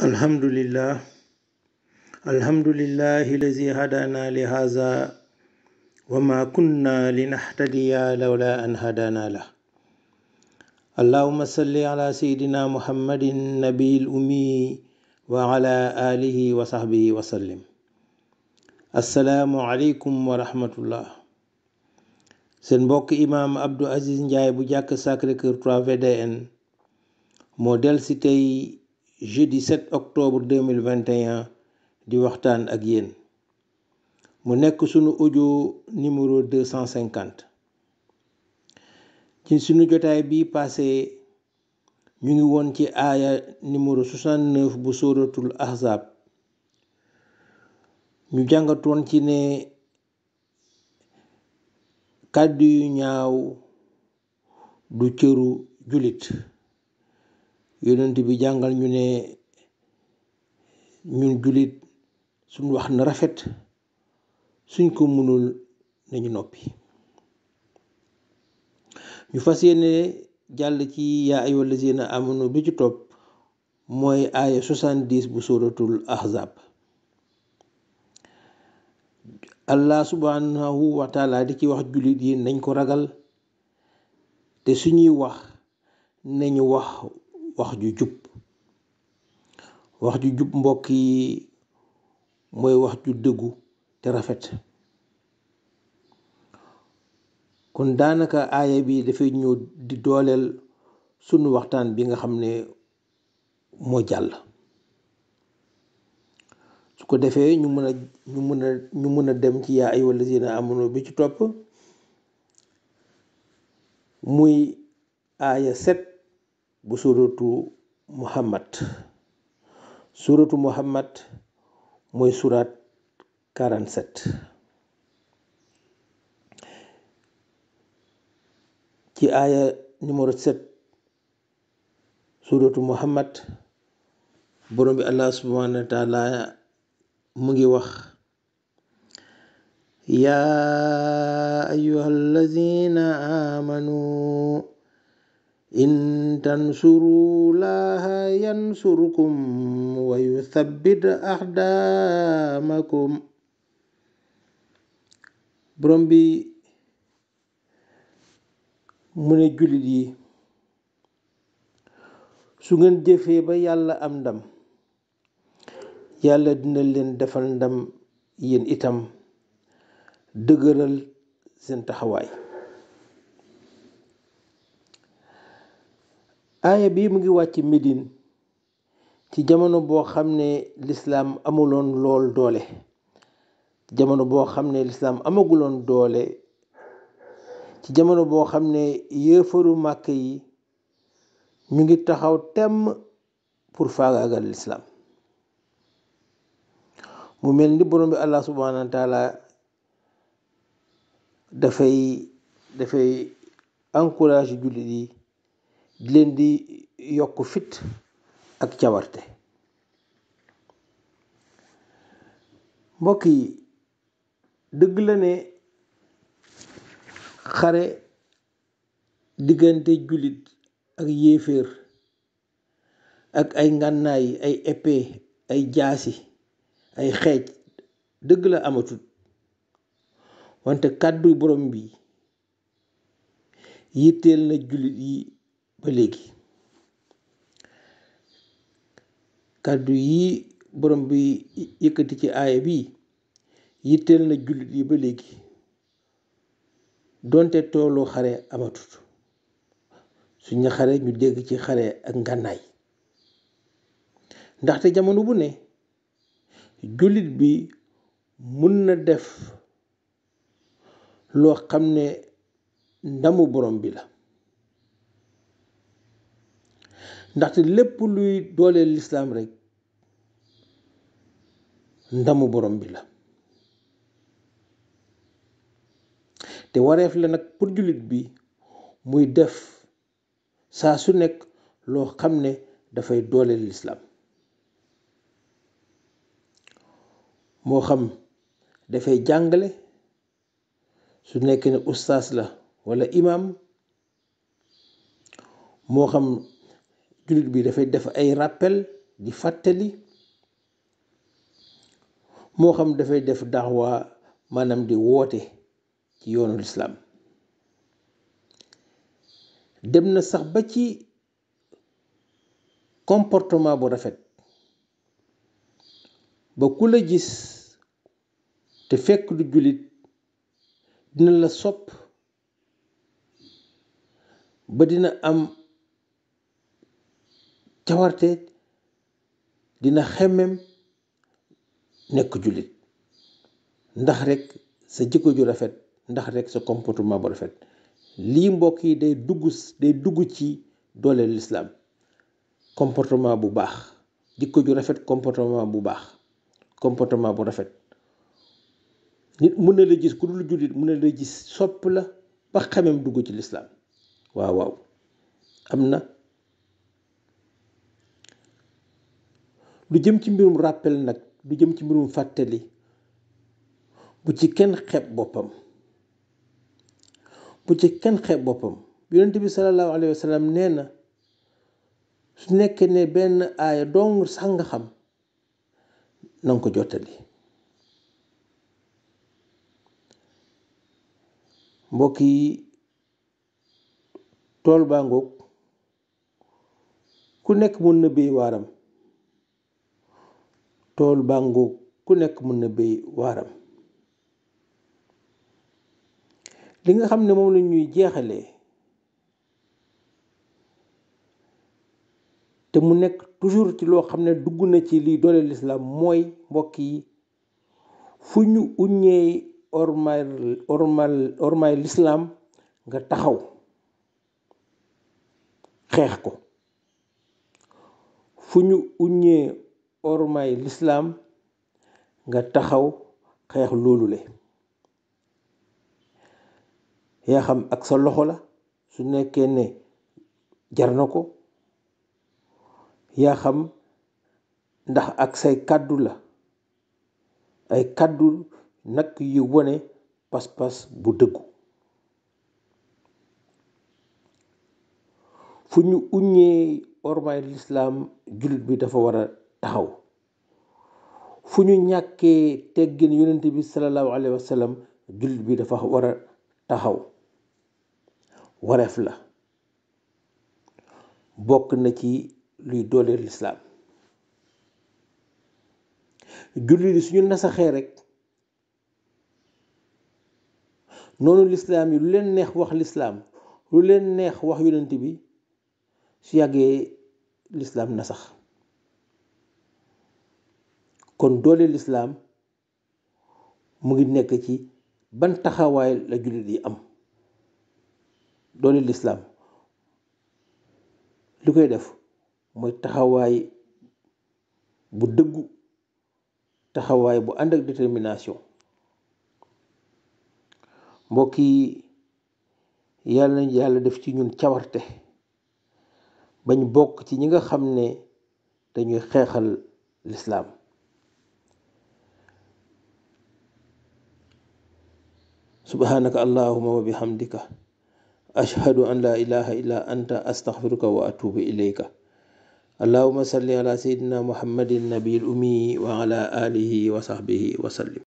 الحمد لله الحمد لله الذي هدانا لهذا وما كنا لنهتدي لولا أن هدانا له اللهم صل على سيدنا محمد النبي الأمي وعلى آله وصحبه وسلم السلام عليكم ورحمة الله سن بوك امام عبد العزيز نجاي bu jàkk Sacré-Cœur 3 VDN moo del jeudi 7 octobre 2021 di waxtaan ak yéen mu nekk sunu audio numéro 250 ci sunu jotaay bi passé ñu ngi woon ci aaya numéro 69 bu sóoratul ahzab ñu jàngatoon ci ne kàddu yu ñaaw du cëru jullit yonente bi jàngal ñu ne ñun julit suñ wax na rafet suñ ko mënul nañu noppi ñu fas yéene jàll ci yaa ayo lasina amanu bi ci topp mooy aaya 70 bu suratul ahzab allah subhanahu wa taala di ci wax julit yi nañ ko ragal te suñuy wax nañu wax wax ju jub wax ju jub mbokk yi mooy wax ju dëggu te rafet kon daanaka aaya bii dafay ñëw di dooleel sunu waxtaan bi nga xam ne moo jàll su ko defee ñu mën a ñu mën a ñu mën a dem ci yaa ayyuhal lazina amanu bi ci topp muy aaya set bu suratu muhammad suratu muhammad mooy surat 47 ci aaya numéro 7 suratu muhammad borom allah subhanahu wa mu ngi wax yaa ayuha amanu إن تنصروا الله ينصركم ويثبت أقدامكم borom bi mu ne jullit yi su ngeen jëfee ba yàlla am ndam yàlla dina leen defal ndam yéen itam dëgëral seen taxawaay aaya bii mu ngi wàcc Médine ci jamono boo xam ne lislaam amuloon lool doole jamono boo xam ne lislaam amaguloon doole ci jamono boo xam ne yéefaru makk yi ñu ngi taxaw temm pour faagaagal lislaam mu mel ni borom bi allah subhanahu wa dafay dafay encourage jullit yi di leen di yokk fit ak cawarte mbokk yi dëgg la ne xare diggante jullit ak yéeféer ak ay ngànnaay ay épée ay jaasi ay xeej dëgg la amatul wante kàddu borom bi yitteel na jullit yi ba léegi kàddu yi borom bi yëkkati ci aaya bi yitteel na jullit yi ba léegi donte toolu xare amatut suñu xare ñu dégg ci xare ak ngànnaay ndaxte jamono bu ne jullit bi mun na def loo xam ne ndamu borom bi la ndaxte lépp luy dooleel lislaam rek ndamu borom bi la te wareef la nag pour jullit bi muy def saa su nekk loo xam ne dafay dooleel lislaam moo xam dafay jàngale su nekk ne ustaas la walla imaam moo xam jullit bi dafay def ay rappel di fàttali moo xam dafay def daawa maanaam di woote ci yoonu lislaam dem na sax ba ci comportement bu rafet ba ku la gis te fekk du jullit dina la sopp ba dina am Ce dina xemem nekk julit ndax rek sa jikko ju rafet ndax rek sa comportement bu rafet li mbokk yi day dugg day dugg comportement bu baax jikko ju comportement bu comportement bu nit la gis lu jëm ci mbirum rappel nag du jëm ci mbirum fàttali bu ci kenn xeeb boppam bu ci kenn xeeb boppam yonent bi salallaahu alayhi wa sallam nee na su nekkee ne benn aaya dong sax nga xam na ko jottali mbokk yi tool baa ngoog ku nekk mën na waaram tool bàngoo ku nekk mën na béy waaram li nga xam ne moom la ñuy jeexalee te mu nekk toujours ci loo xam ne dugg na ci liy doole lislaam mooy mbokk yi fu ñu uññee ormal ormal lislaam nga taxaw xeex ko fu ñu uññee ormay lislaam nga taxaw xeex loolu le yaa xam ak sa loxo la su nekkee ne jar na ko yaa xam ndax ak say kàddu la ay kàddu nakk yu wone pas-pas bu dëggu fu ñu uññee ormay lislaam jullit bi dafa war taxaw fu ñu ñàkkee teggin yonent bi sallallahu alayhi wasallam sallam jullit bi dafa war a taxaw waref la bokk na ci luy dooleel lislaam jullit yi suñu nasaxee rek noonu lislaam yi lu leen neex wax lislaam lu leen neex wax yonent bi su yàggee lislaam nasax kon doole lislaam mu ngi nekk ci ban taxawaay la jullit yi am doole lislaam li koy def mooy taxawaay bu dëggu taxawaay bu ànd ak détermination mbokk yi yàlla nañ yàlla def ci ñun cawarte bañ bokk ci ñi nga xam ne dañuy xeexal lislaam سبحانك اللهم وبحمدك أشهد أن لا إله إلا أنت أستغفرك وأتوب إليك اللهم صل على سيدنا محمد النبي الأمي وعلى آله وصحبه وسلم